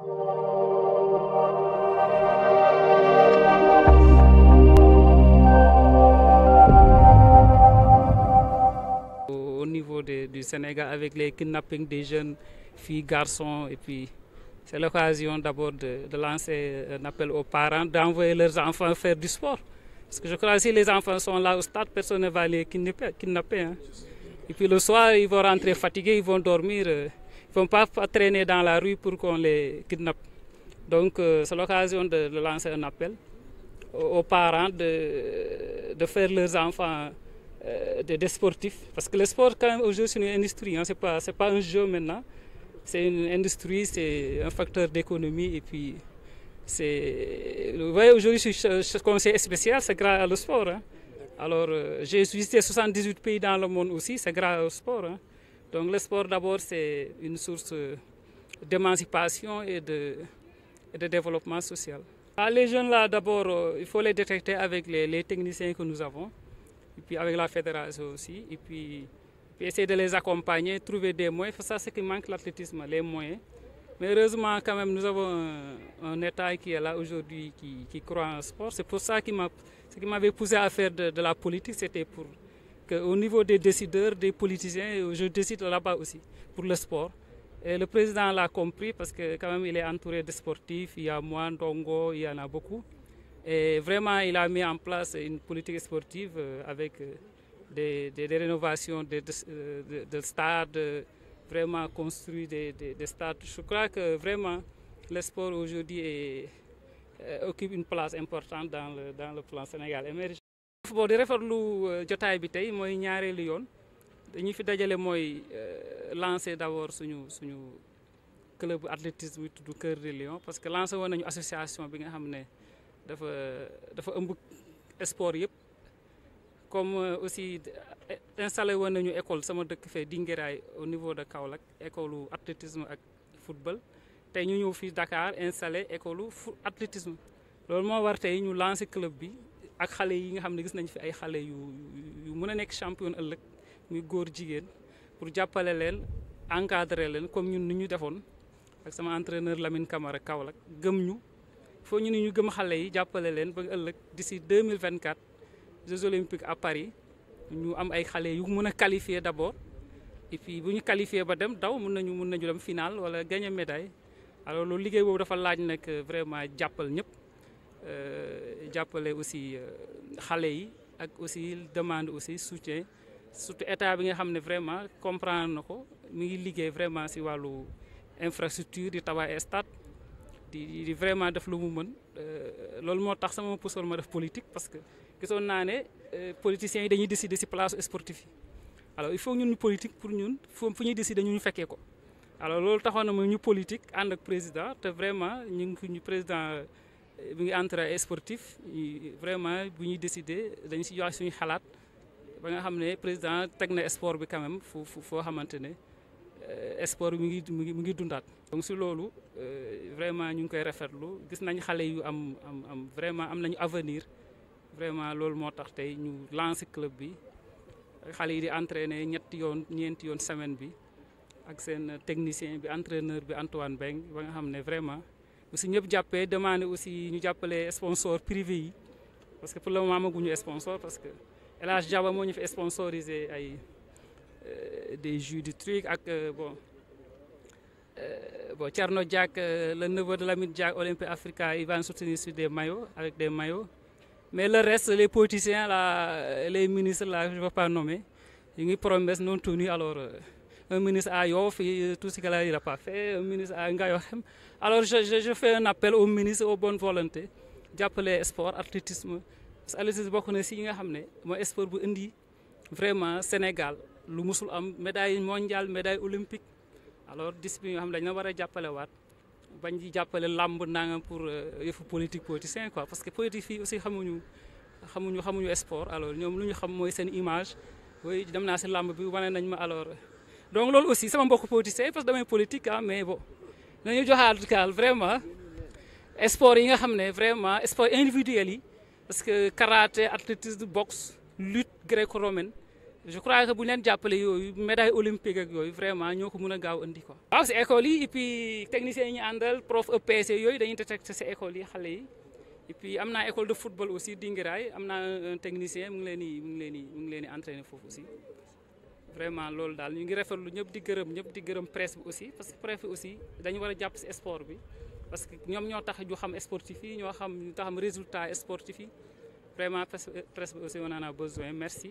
Au niveau de, du Sénégal, avec les kidnappings des jeunes filles, garçons, et puis c'est l'occasion d'abord de, lancer un appel aux parents d'envoyer leurs enfants faire du sport. Parce que je crois que si les enfants sont là au stade, personne ne va les kidnapper. Hein. Et puis le soir, ils vont rentrer fatigués, ils vont dormir. Euh, ne faut pas traîner dans la rue pour qu'on les kidnappe. Donc euh, c'est l'occasion de, lancer un appel aux, parents de, de, faire leurs enfants euh, des, sportifs. Parce que le sport quand même aujourd'hui c'est une industrie, hein, ce n'est pas, un jeu maintenant. C'est une industrie, c'est un facteur d'économie et puis c'est... Vous voyez aujourd'hui je suis conseiller spécial, c'est grâce au sport. Hein. Alors euh, j'ai visité 78 pays dans le monde aussi, c'est grâce au sport. Hein. Donc le sport d'abord c'est une source d'émancipation et de, de, développement social. Ah, les jeunes là d'abord euh, il faut les détecter avec les, techniciens que nous avons et puis avec la fédération aussi et puis, essayer de les accompagner, trouver des moyens. Ça c'est ce qui manque l'athlétisme, les moyens. Mais heureusement quand même nous avons un, État qui est là aujourd'hui qui, croit en sport. C'est pour ça que ce qui m'avait poussé à faire de la politique c'était pour euh, au niveau des décideurs, des politiciens, je décide là-bas aussi pour le sport. le président l'a compris parce que quand même il est entouré de sportifs, il y a moi, Dongo, il y en a beaucoup. Et vraiment, il a mis en place une politique sportive euh, avec euh, des, rénovations, des rénovations de, stades, vraiment construit des, stades. Je crois que vraiment le sport aujourd'hui occupe une place importante dans le, plan sénégal boo di lu euh, jotaay bi tey mooy ñaareelu yoon dañu fi dajale mooy euh, lancer d'abord suñu suñu club athlétisme bi tudd Cœur de Lion parce que lancé woon nañu association bi nga xam ne dafa dafa ëmb sport yëpp comme euh, aussi installé woon nañu école sama dëkk fee Dingiraay au niveau de Kaolack école athlétisme ak football tey ñu ñëw fii Dakar installé école athlétisme loolu moo war tey ñu lancé club bi ak xale yi nga xam ne gis nañ fi ay xale yu yu mën a nekk champion ëllëg muy góor jigéen pour jàppale leen encadrer leen comme ñun ni ñu defoon ak sama entraîneur Lamine Camara Kaolack gëm ñu foo ñu ni ñu gëm xale yi jàppale leen ba ëllëg d'ici 2024 Jeux olympiques à Paris ñu am ay xale yu mun a qualifier d'abord et puis bu ñu qualifier ba dem daw mun nañu mën nañu dem final wala gagner médaille alors loolu liggéey boobu dafa laaj nag vraiment jàppal ñëpp Euh, jappelé aussi euh, xalé yi ak aussi demande aussi soutien surtout état bi nga xamné vraiment comprendre nako ko mi vraiment sur walu infrastructure di tabax stade di di vraiment def lu mu meun loolu mo tax sama pusool ma def politique parce que gisoon naa ne euh, politiciens yi dañuy décider ci place sportif alors il faut ñun politique pour ñun fu ñuy décider ñu ñu ko alors loolu taxone nous ñu politique and ak président te vraiment ñu ñu président mi ngi entre ay sportif vraiment bu ñuy décider dañu si joxe suñu xalaat ba nga xam ne président teg na sport bi quand même fu foo xamante ne euh, sport mi ngi mi ngi mi dundaat. donc si loolu euh, vraiment ñu ngi koy rafetlu gis nañ xale yu am am am vraiment am nañu avenir vraiment loolu moo tax tey ñu lancé club bi xale yi di entraîner ñetti yoon ñeenti yoon semaine bi ak seen technicien bi entraîneur bi Antoine Beng ba nga xam ne vraiment bu si ñëpp jàppee demandé aussi ñu jàppale sponsor privé privés parce que pour le moment amaguñu sponsor parce que El Hadj Diaba moo ñu fi sponsorisé euh, des jus de trucs ak euh, bon euh, bon Thierno Jack, le neveu de l'AMI Diak Olympique Africa il va nous soutenir sur des maillots avec des maillots mais le reste les politiciens les ministres je ne vais pas nommer ils nous promesse non tenu alors un ministre à et tout ce qu'il n'a pas fait, un ministre à Ngayohem. Alors je, je, je, fais un appel au ministre aux bonnes volontés, d'appeler sport, athlétisme. Athlétisme, beaucoup de signes, moi, sport, Indi, vraiment Sénégal, le musul am médaille mondiale médaille olympique alors discipline nous xam ne dañ la war a jàppale bañ di jàppale làmb nangam pour euh, yefu politique politicien quoi parce que politique aussi xamuñu xamuñu xamuñu sport alors ñom lu ñu xam moy seen image oui dem na si lamb bi wane nañ ma alors donc loolu aussi sama mbokk politicien parce que damay politique ah mais bon nañu joxaat kaal vraiment sport yi nga xam ne vraiment sport individuel yi parce que karaté athlétisme boxe lutte gréco-romaine je crois que bu ñu leen jàppale yooyu médaille olympique ak yooyu vraiment ñoo ko mun a gaaw andi ko waaw si école yi et puis techniciens yi ñu àndal prof EPC e yooyu dañuy détecté si école yi xale yi et am na école de football aussi Dingiraay am na un technicien mu ngi leen di mu ngi leen di mu ngi leen di entraîner foofu aussi. vraiment loolu daal ñu ngi rafetlu ñëpp di gërëm ñëpp di gërëm presse bi aussi parce que presse bi aussi dañu war a jàpp si sport bi parce que ñoom ñoo tax ñu xam sportif yi ñoo xam ñu taxam résultat sportif yi vraiment presse bi aussi on en a besoin merci